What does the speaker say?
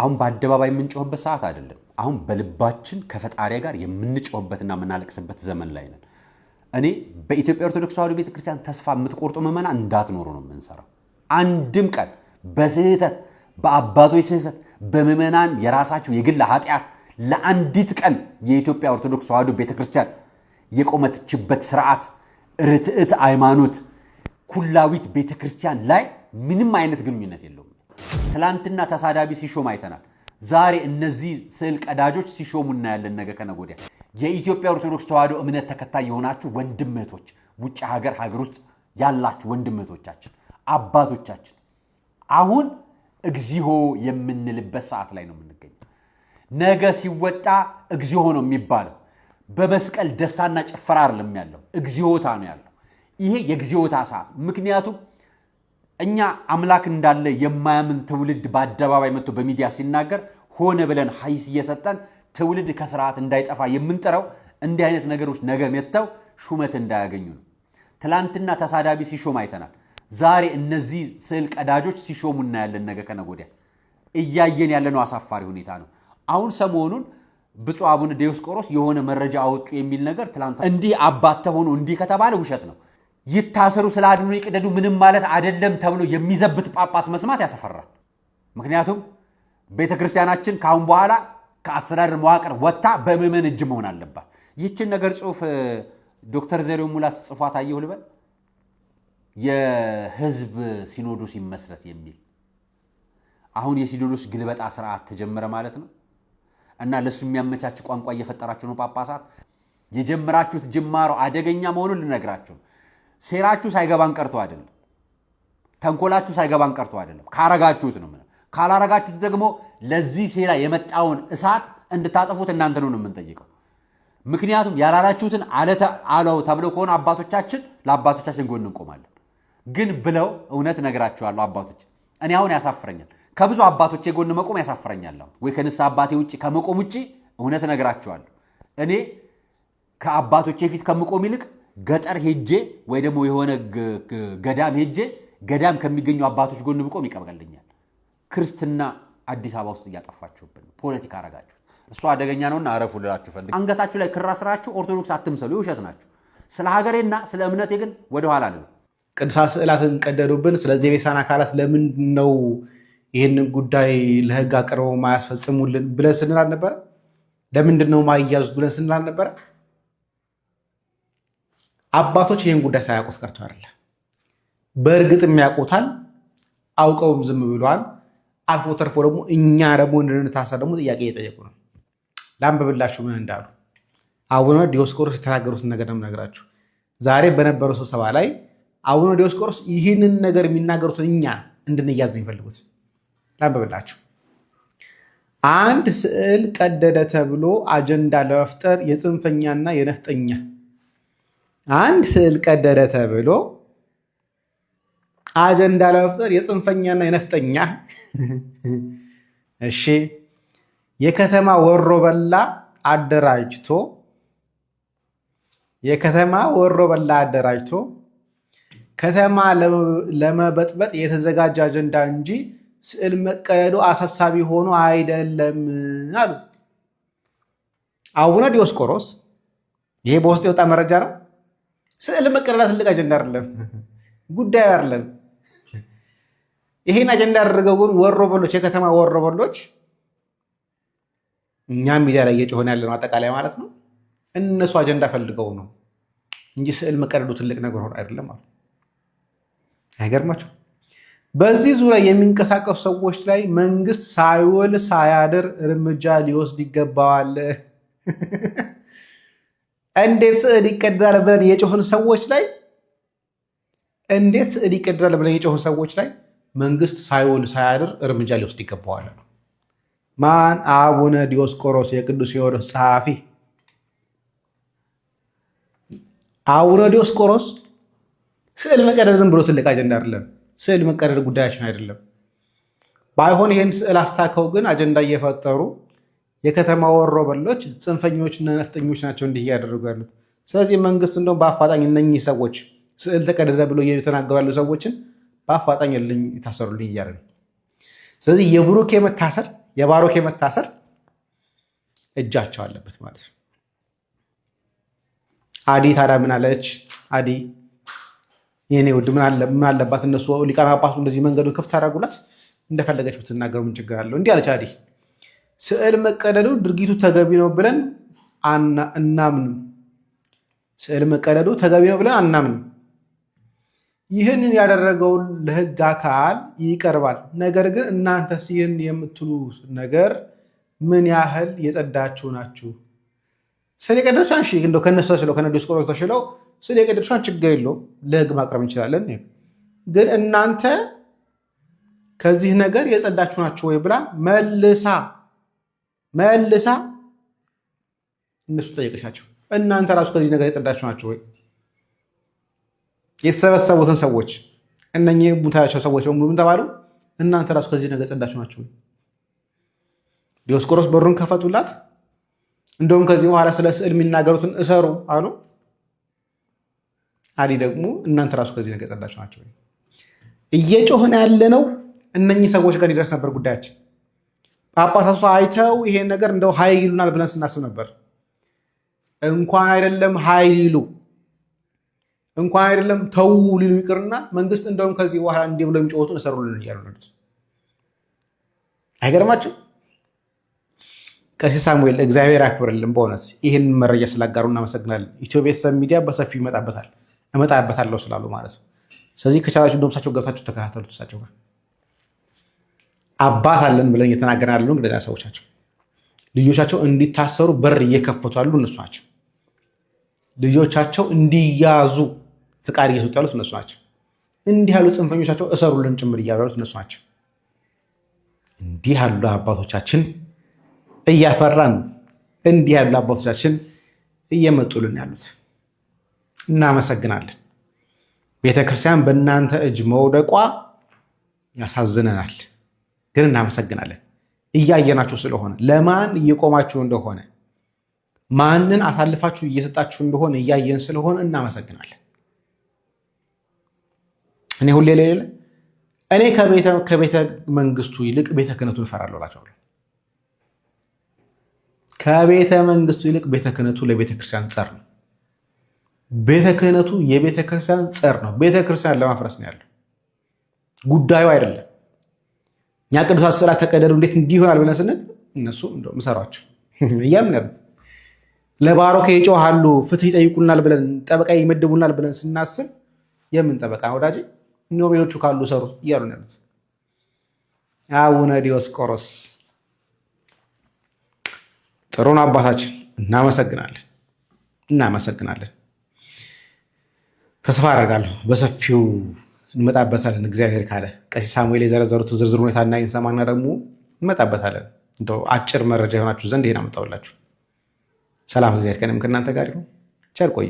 አሁን በአደባባይ የምንጮህበት ሰዓት አይደለም። አሁን በልባችን ከፈጣሪ ጋር የምንጮህበትና የምናለቅስበት ዘመን ላይ ነን። እኔ በኢትዮጵያ ኦርቶዶክስ ተዋህዶ ቤተክርስቲያን ተስፋ የምትቆርጡ መመና እንዳትኖሩ ነው የምንሰራው። አንድም ቀን በስህተት በአባቶች ስህተት በምዕመናን የራሳቸው የግል ኃጢአት ለአንዲት ቀን የኢትዮጵያ ኦርቶዶክስ ተዋሕዶ ቤተክርስቲያን የቆመትችበት ስርዓት ርትዕት ሃይማኖት ኩላዊት ቤተክርስቲያን ላይ ምንም አይነት ግንኙነት የለውም። ትላንትና ተሳዳቢ ሲሾም አይተናል። ዛሬ እነዚህ ስዕል ቀዳጆች ሲሾሙ እናያለን። ነገ ከነገ ወዲያ የኢትዮጵያ ኦርቶዶክስ ተዋሕዶ እምነት ተከታይ የሆናችሁ ወንድምህቶች፣ ውጭ ሀገር ሀገር ውስጥ ያላችሁ ወንድምህቶቻችን፣ አባቶቻችን አሁን እግዚኦ የምንልበት ሰዓት ላይ ነው የምንገኘው። ነገ ሲወጣ እግዚኦ ነው የሚባለው። በመስቀል ደስታና ጭፈራ አይደለም ያለው፣ እግዚኦታ ነው ያለው። ይሄ የእግዚኦታ ሰዓት ምክንያቱም እኛ አምላክ እንዳለ የማያምን ትውልድ በአደባባይ መጥቶ በሚዲያ ሲናገር ሆነ ብለን ሀይስ እየሰጠን ትውልድ ከስርዓት እንዳይጠፋ የምንጥረው እንዲህ አይነት ነገሮች ነገ መጥተው ሹመት እንዳያገኙ ነው። ትላንትና ተሳዳቢ ሲሾም አይተናል። ዛሬ እነዚህ ስዕል ቀዳጆች ሲሾሙ እናያለን። ነገ ከነገ ወዲያ እያየን ያለነው አሳፋሪ ሁኔታ ነው። አሁን ሰሞኑን ብፁዕ አቡነ ዲዮስቆሮስ የሆነ መረጃ አወጡ የሚል ነገር ትላንት እንዲህ አባት እንዲህ ከተባለ ውሸት ነው። ይታሰሩ ስለ አድኑ ይቅደዱ ምንም ማለት አይደለም ተብሎ የሚዘብት ጳጳስ መስማት ያሰፈራል። ምክንያቱም ቤተ ክርስቲያናችን ካሁን በኋላ ከአስተዳደር መዋቅር ወጥታ በምዕመን እጅ መሆን አለባት። ይህችን ነገር ጽሁፍ ዶክተር ዘሬው ሙላስ ጽፏት አየሁ ልበል የህዝብ ሲኖዶስ ይመስረት የሚል አሁን የሲኖዶስ ግልበጣ ስርዓት ተጀመረ ማለት ነው እና ለእሱ የሚያመቻች ቋንቋ እየፈጠራችሁ ነው ጳጳሳት። የጀመራችሁት ጅማሮ አደገኛ መሆኑን ልነግራችሁ ሴራችሁ ሳይገባን ቀርቶ አይደለም፣ ተንኮላችሁ ሳይገባን ቀርቶ አይደለም። ካረጋችሁት ነው። ካላረጋችሁት ደግሞ ለዚህ ሴራ የመጣውን እሳት እንድታጠፉት እናንተ ነው የምንጠይቀው። ምክንያቱም ያላላችሁትን አለው ተብለው ከሆነ አባቶቻችን ለአባቶቻችን ጎን እንቆማለን። ግን ብለው እውነት እነግራችኋለሁ አባቶች፣ እኔ አሁን ያሳፍረኛል ከብዙ አባቶች የጎን መቆም ያሳፍረኛል። አሁን ወይ ከንስሐ አባቴ ውጭ ከመቆም ውጭ እውነት እነግራችኋለሁ እኔ ከአባቶቼ ፊት ከምቆም ይልቅ ገጠር ሄጄ ወይ ደግሞ የሆነ ገዳም ሄጄ ገዳም ከሚገኙ አባቶች ጎን ብቆም ይቀበለኛል። ክርስትና አዲስ አበባ ውስጥ እያጠፋችሁብን ፖለቲካ አረጋችሁ። እሱ አደገኛ ነውና አረፉ ልላችሁ ፈልግ። አንገታችሁ ላይ ክራ ስራችሁ ኦርቶዶክስ አትምሰሉ፣ የውሸት ናችሁ። ስለ ሀገሬና ስለ እምነቴ ግን ወደኋላ ነው። ቅዱሳ ስዕላትን ቀደዱብን። ስለዚህ የቤሳን አካላት ለምንድን ነው ይህንን ጉዳይ ለህግ አቅርበው ማያስፈጽሙልን ብለን ስንል አልነበረ? ለምንድን ነው ማያዙት ብለን ስንል አልነበረ? አባቶች ይህን ጉዳይ ሳያውቁት ቀርቶ አለ። በእርግጥም ያውቁታል፣ አውቀውም ዝም ብለዋል። አልፎ ተርፎ ደግሞ እኛ ደግሞ እንድንታሳ ደግሞ ጥያቄ እየጠየቁ ነው። ላንብብላችሁ ምን እንዳሉ አቡነ ዲዮስቆሮስ የተናገሩትን ነገር ነው የምነግራችሁ። ዛሬ በነበረው ስብሰባ ላይ አቡነ ዲዮስቆሮስ ይህንን ነገር የሚናገሩትን እኛ እንድንያዝ ነው የሚፈልጉት። ላንብብላችሁ። አንድ ስዕል ቀደደ ተብሎ አጀንዳ ለመፍጠር የጽንፈኛና የነፍጠኛ አንድ ስዕል ቀደደ ተብሎ አጀንዳ ለመፍጠር የጽንፈኛና የነፍጠኛ እሺ የከተማ ወሮ በላ አደራጅቶ የከተማ ወሮ በላ አደራጅቶ ከተማ ለመበጥበጥ የተዘጋጀ አጀንዳ እንጂ ስዕል መቀደዱ አሳሳቢ ሆኖ አይደለም አሉ አቡነ ዲዮስቆሮስ። ይሄ በውስጥ የወጣ መረጃ ነው። ስዕል መቀረዳ ትልቅ አጀንዳ አይደለም፣ ጉዳዩ አይደለም። ይሄን አጀንዳ ያደረገው ግን ወሮበሎች፣ የከተማ ወሮበሎች እኛም ሚዲያ ላይ እየጮሆን ያለ ነው አጠቃላይ ማለት ነው። እነሱ አጀንዳ ፈልገው ነው እንጂ ስዕል መቀደዱ ትልቅ ነገር ሆኖ አይደለም ማለት አይገርማቸው። በዚህ ዙሪያ የሚንቀሳቀሱ ሰዎች ላይ መንግስት ሳይውል ሳያድር እርምጃ ሊወስድ ይገባዋል። እንዴት ስዕል ይቀደዳል ብለን የጮህን ሰዎች ላይ እንዴት ስዕል ይቀደዳል ብለን የጮህን ሰዎች ላይ መንግስት ሳይውል ሳያድር እርምጃ ሊወስድ ይገባዋል ነው። ማን? አቡነ ዲዮስቆሮስ የቅዱስ ሲኖዶስ ጸሐፊ። አቡነ ዲዮስቆሮስ ስዕል መቀደድ ዝም ብሎ ትልቅ አጀንዳ አይደለም። ስዕል መቀደድ ጉዳያችን አይደለም። ባይሆን ይህን ስዕል አስታከው ግን አጀንዳ እየፈጠሩ የከተማ ወሮ በሎች ጽንፈኞችና ነፍጠኞች ናቸው እንዲህ እያደረጉ ያሉት። ስለዚህ መንግስት እንደውም በአፋጣኝ እነኚህ ሰዎች ስዕል ተቀደደ ብሎ እየተናገሩ ያሉ ሰዎችን በአፋጣኝ ልኝ የታሰሩልኝ እያለ ነው። ስለዚህ የብሩክ መታሰር የባሮክ መታሰር እጃቸው አለበት ማለት ነው። አዲ ታዲያ ምን አለች? አዲ የኔ ውድ ምን አለባት? እነሱ ሊቃነ ጳጳሱ እንደዚህ መንገዱ ክፍት አደረጉላት፣ እንደፈለገች ብትናገሩ ምን ችግር አለው? እንዲህ አለች አዲ ስዕል መቀደዱ ድርጊቱ ተገቢ ነው ብለን እናምንም። ስዕል መቀደዱ ተገቢ ነው ብለን አናምንም። ይህንን ያደረገውን ለህግ አካል ይቀርባል። ነገር ግን እናንተስ ይህን የምትሉ ነገር ምን ያህል የጸዳችሁ ናችሁ? ስዕል የቀደዱችን እሺ፣ እንደው ከነሱ ተሽለው ከነዱስ ቆሮች ተሽለው ስዕል ችግር የለውም ለህግ ማቅረብ እንችላለን። ግን እናንተ ከዚህ ነገር የጸዳችሁ ናችሁ ወይ ብላ መልሳ መልሳ እነሱ ጠየቀቻቸው። እናንተ ራሱ ከዚህ ነገር የጸዳችሁ ናቸው ወይ? የተሰበሰቡትን ሰዎች እነኚህ የምታያቸው ሰዎች በሙሉ ምን ተባሉ? እናንተ ራሱ ከዚህ ነገር የጸዳችሁ ናቸው ወይ? ዲዮስቆሮስ በሩን ከፈቱላት። እንደውም ከዚህ በኋላ ስለ ስዕል የሚናገሩትን እሰሩ አሉ። አሊ ደግሞ እናንተ ራሱ ከዚህ ነገር የጸዳችሁ ናቸው ወይ? እየጮህን ያለ ነው እነኚህ ሰዎች ጋር ሊደርስ ነበር ጉዳያችን ጳጳሳቱ አይተው ይሄን ነገር እንደው ሀይል ይሉናል ብለን ስናስብ ነበር። እንኳን አይደለም ሀይል ይሉ እንኳን አይደለም ተው ሊሉ ይቅርና መንግስት እንደውም ከዚህ በኋላ እንዲህ ብሎ የሚጫወቱ እሰሩልን እያሉ ነው። አይገርማችሁ? ቀሲስ ሳሙኤል እግዚአብሔር ያክብርልን። በእውነት ይህን መረጃ ስላጋሩ እናመሰግናለን። ኢትዮ ቤተሰብ ሚዲያ በሰፊው ይመጣበታል እመጣበታለሁ ስላሉ ማለት ነው። ስለዚህ ከቻላችሁ እንደውም ገብታችሁ ተከታተሉት እሳቸው ጋር አባት አለን ብለን እየተናገር ያለ እንግዲህ ሰዎቻቸው ልጆቻቸው እንዲታሰሩ በር እየከፈቱ ያሉ እነሱ ናቸው። ልጆቻቸው እንዲያዙ ፍቃድ እየሰጡ ያሉት እነሱ ናቸው። እንዲህ ያሉ ጽንፈኞቻቸው እሰሩልን ጭምር እያሉ ያሉት እነሱ ናቸው። እንዲህ ያሉ አባቶቻችን እያፈራን እንዲህ ያሉ አባቶቻችን እየመጡልን ያሉት እናመሰግናለን። ቤተክርስቲያን በእናንተ እጅ መውደቋ ያሳዝነናል። ግን እናመሰግናለን እያየናችሁ ስለሆነ ለማን እየቆማችሁ እንደሆነ ማንን አሳልፋችሁ እየሰጣችሁ እንደሆነ እያየን ስለሆነ እናመሰግናለን። እኔ ሁሌ ሌለ እኔ ከቤተ መንግስቱ ይልቅ ቤተ ክህነቱን እፈራለሁ እላቸዋለሁ። ከቤተ መንግስቱ ይልቅ ቤተ ክህነቱ ለቤተ ክርስቲያን ጸር ነው። ቤተ ክህነቱ የቤተ ክርስቲያን ጸር ነው። ቤተ ክርስቲያን ለማፍረስ ነው ያለው ጉዳዩ አይደለም። እኛ ቅዱስ ስዕላት ተቀደዱ እንዴት እንዲህ ይሆናል ብለን ስንል እነሱ ምሰሯቸው እያም ያሉት ለባሮከ ይጮሃሉ ፍትህ ይጠይቁናል ብለን ጠበቃ ይመድቡናል ብለን ስናስብ የምን ጠበቃ ነው ወዳጅ? እኒሆም ሌሎቹ ካሉ ሰሩ እያሉ ነው አቡነ ዲዮስቆሮስ ጥሩን አባታችን እናመሰግናለን፣ እናመሰግናለን። ተስፋ አደርጋለሁ በሰፊው እንመጣበታለን። እግዚአብሔር ካለ ቀሲስ ሳሙኤል የዘረዘሩትን ዝርዝር ሁኔታ እና ይንሰማና ደግሞ እንመጣበታለን። እንደ አጭር መረጃ የሆናችሁ ዘንድ ይሄን አመጣውላችሁ ሰላም፣ እግዚአብሔር ከእናንተ ጋር ይሁን። ቸር ቆዩ።